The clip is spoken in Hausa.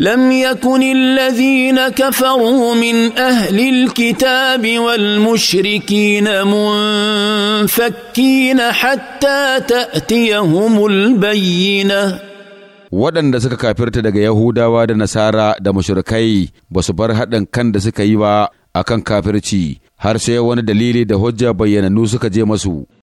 لم يكن الذين كفروا من اهل الكتاب والمشركين منفكين حتى تاتيهم البينه waɗanda suka kafirta daga Yahudawa da Nasara da mushrikai ba su bar haɗin kan da suka yi ba a kan kafirci har sai wani dalili da hujja bayyananu suka je masu.